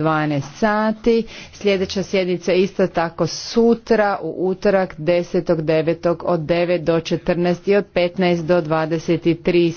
12 sati. Sljedeća sjednica isto tako sutra u utorak 10.9. od 9 do 14 i od 15 do 23 sati.